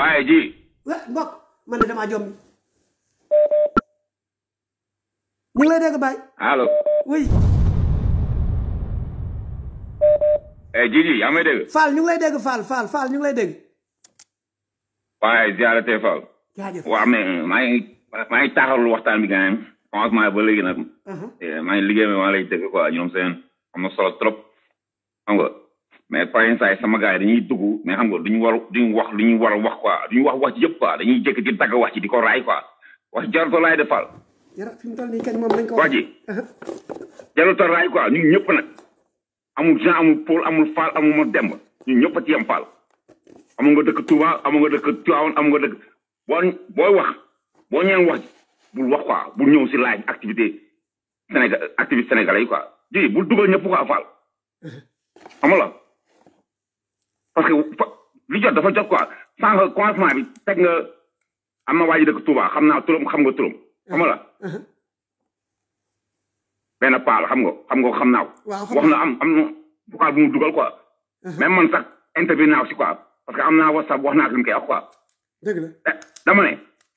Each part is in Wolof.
waaye ji. wa mbokk man de damaa jombi. ñu ngi lay dégg Baye. allo. oui. Eh, ji ji yaa may dégg. Fall ñu ngi lay dégg Fall Fall Fall ñu ngi lay dégg. waaye ziara tey Fall. jaajëf waaw mais euh, maa ngi maa ngi taaxarlu waxtaan bi quand même commencement ba léegi nag. Uh-huh. Eh, maa ngi liggéey bi maa ngi lay dégg quoi am na solo trop xam mais parrainage sama gars yi dañuy dugg mais xam nga duñu war duñu ñu war a wax quoi duñu wax wax ci yëpp quoi dañuy jékki di dagg wax ci di ko raay quoi wax jaruto laay defal. yàlla fi ko wax ji jaruto raay quoi ñun ñëpp nag amul Jean amul Paul amul Fall amul ma Demba ñun ñëpp a ci yem Fall. amu nga dëkk Touba amu nga dëkk Tivaouane amu nga dëkk boo booy wax boo ñeen wax bul wax quoi bul ñëw si laaj activité Sénégal activité sénégalais yi quoi ji bul dugal ñëpp quoi Fall parce que li jot dafa jot quoi sànq commencement bi teg nga am na waa ji dëkk Touba xam naa turam xam nga turam. xam nga la. benn paal xam nga xam xam naa ko. na am am na vocal bu mu dugal quoi. Uh-huh. même man sax intervenir naa aussi parce que am naa whatsapp wax naa ak li mu koy wax quoi. dëgg la eh, dama ne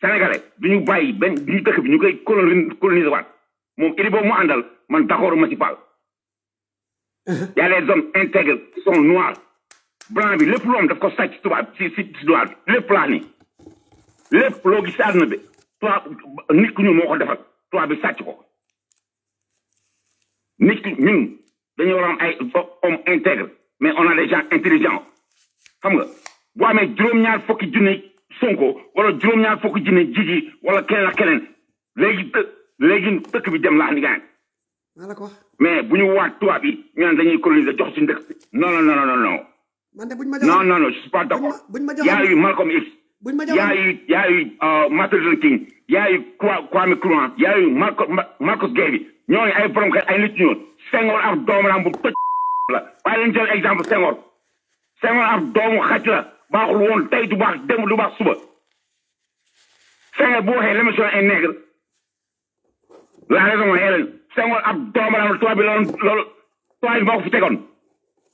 sénégalais ñu bàyyi duñu dëkk bi ñu koy colon coloniser waat moom idi boobu mu àndal man d' ma ci paal. Uh-huh. y' a les hommes intègres qui sont blanc bi lépp lu am daf ko sàcc tubaab ci ci ci tubaab bi lépp laa ni lépp loo gis àdduna bi tubaab nit ku ñun defal tubaab bi sàcc ko nit ku dañu war am ay homme intègre mais on a des gens intelligents xam nga bo amee juroom ñaar fukki junne Sonko wala juroom ñaar fukki junne Jiji wala keneen ak keneen léegi të léegi dëkk bi dem laa ni gaan mais buñu waat tubaab bi ñaan dañuy coloniser jox ci dëkk non non non non non man de buñ ma non non non je suis pas d'accord. buñ ma y a eu Malcolm X. buñ ma y a eu y a eu euh, Martin Luther King y a eu Kwame Nkrumah y a eu Marcus Garvey ñooñu ay borom kër ay nit ñu woon Senghor ab doomu bu toj la waaye leen jël exemple Senghor Senghor ab doomu xaj la baaxul woon tey du baax dem du baax suba Senghor bu waxee l'émission est nègre la raison mooy Senghor ab doomu la tubaab bi loolu loolu tubaab bi moo ko fi tegoon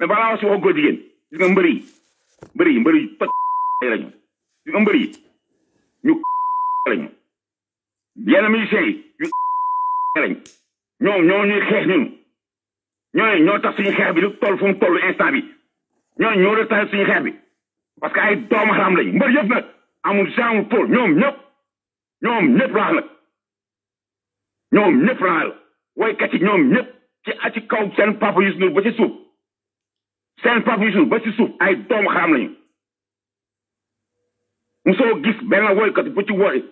mais balaa wax si wax góor jigéen gis nga mbër yi mbër yi mbër yi pat nga mbër yi ñu lañu yenn musiciens yi ñu lañ ñoom ñoo ñuy xeex ñun ñooy ñoo tax suñu xeex bi du toll fu mu toll instant bi ñooy ñoo de tax xeex bi parce que ay doomu xaram lañ mbër yëpp nag amul genre pôle ñoom ñëpp ñoom ñëpp laax la ñoom ñëpp laax la waykat yi ñoom ñëpp ci a kaw seen papa Youssou Ndour ba ci suuf seen pap Youssou ba ci suuf ay doom xaam lañu musoo gis benn woykat bu ci woy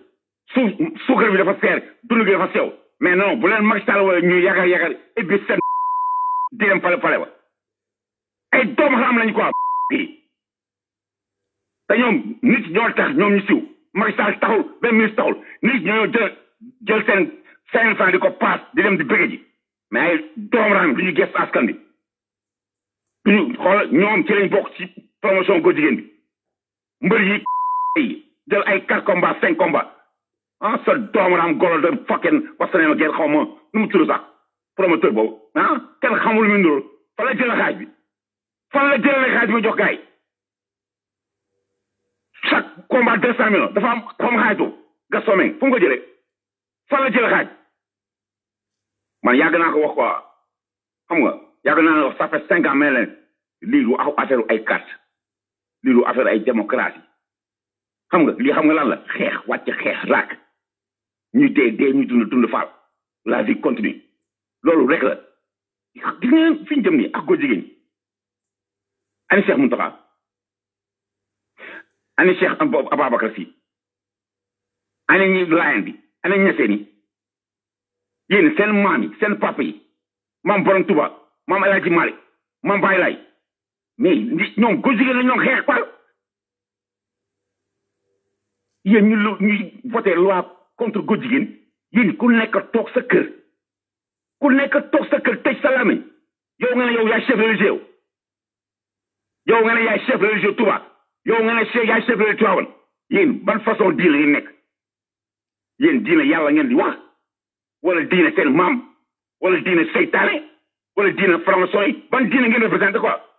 suuf suukar bi dafa seer dund gi dafa sew mais non bu leen Macky Sall wala ñu yagar yagar ibbi seen di leen pale pale wa ay doom xaam lañu quoi yi te ñoom nit ñoo tax ñoom ñu siw Macky Sall taxul benn ministre taxul nit ñoo jël jël seen cinq cent di ko paas di dem di bëgg ji ay doom raam du ñu ges askan bi xoolal ñoom ci lañ bokk ci promotion quotidienne bi mbër yi jël ay quatre combats cinq combats sa doomu golo de fucking parce que nee ma kenn nu mu tudd sax promoteur boobu ah kenn xamul mu ndur fan la jëlee xaaj bi fan la jëlee xaaj bi ma jox gars yi chaque combat dafa am xaw ma xaaj boobu Gaston Mbengue fu mu ko la jëlee man yàgg naa ko wax quoi xam nga yàgg naa ne wax ça fait cinq ans mais lii du affaire ay carte lii du affaire ay démocratie xam nga lii xam nga lan la xeex wàcc xeex raak ñu dee dee ñu dund dund faal la vie continue loolu rek la di ngeen fi ñu jëm nii ak góor jigéen ani cheikh muntaxa ani cheikh ababacar si ani ñi layen bi ani ñeseen yi yéen seen maam yi seen papa borom tuba mam alaaji malik mam baay mais ñoom góor jigéen la ñoom xeex quoi yéen ñu lu ñuy voté loi contre góor jigéen yéen ku nekk toog sa kër ku nekk toog sa kër tëj sa làmmiñ yow nga ne yow yaay chef religieux yow nga ne yaay chef religieux Touba yow nga ne yaay chef religieux Tivaouane yéen ban façon diine yi nekk yéen diine yàlla ngeen di wax wala diine seen maam wala diine seytaane wala diine franc-maçon yi ban diine ngeen représenté quoi.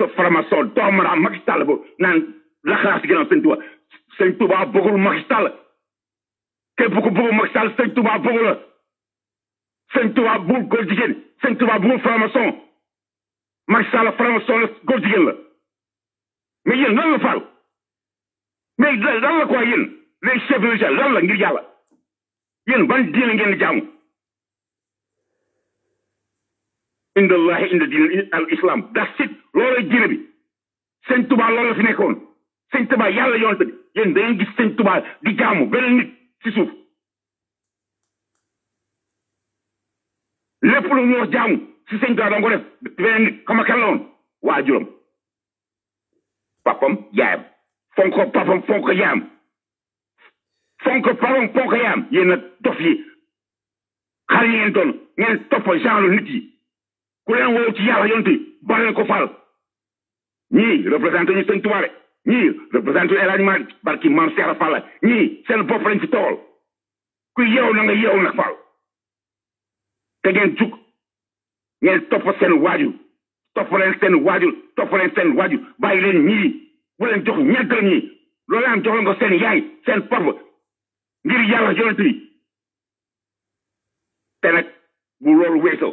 sa franc-maçon doo mën a am Macky Sall boobu naan laxalaas ginnaaw sëñ Touba sëñ ku bëggul Macky Sall sëñ Touba bëggul la sëñ Touba bëggul góor jigéen la góor jigéen la la faal mais lan la quoi yéen les la ngir yàlla yéen ban diine ngeen jaamu inda allahi inda diin al dasit loolay diine bi sëñ tubaa loolu la fi nekkoon sëñ tubaa yàlla yonte bi yéen da ngeen gis sëñ di jaamu benn nit si suuf lépp lu mu wax jaamu si sëñ tubaa doon ko nit xam waajuram papam yaayam fonk papam fonk ko yaayam fonk ko papam fonk ko yaayam yéen nag dof yi xar yi ngeen nit yi ku leen woowu ci yàlla yonti ba ko fal ñii représenté ñu sëñ Tuubaa ñii représenté ñu El Hadj Malick barki maam Seex Fall seen bopp lañ ci tool ku yeewu na nga yeewu nag fal te ngeen jug ngeen topp seen waajur topp leen seen waajur topp leen seen leen ñii bu leen jox ñàggal ñii loolu jox leen ko seen yaay seen papa ngir yàlla yonti te bu loolu weesoo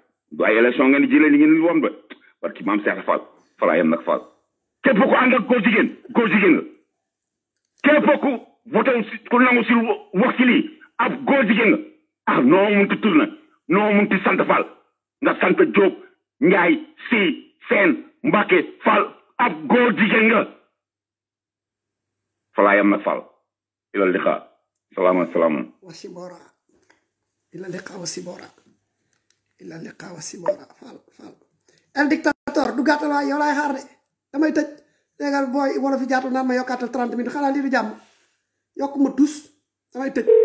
du ay élection ngeen jëlee li ngeen woon ba barki maam Cheikh Fall fala yam nag Fall képp ku ànd ak góor jigéen góor jigéen voté ku nangu si wax ci lii ab góor jigéen la ah noo munti tur na noo munti sant Fall nga sant Diop Ndiaye Si sen Mbacke Fall ab góor jigéen nga fala yam nag Fall ilal liqa salaam salaam wasibora ilal liqa wasibora la liqaa wa simora faal faal el dictateur du gàttal waay yow laay xaar de damay tëj léegal booy wala fi jaatul naan ma yokkaatal 30 minutes xanaa lii du jàmm yokk ma tus damay tëj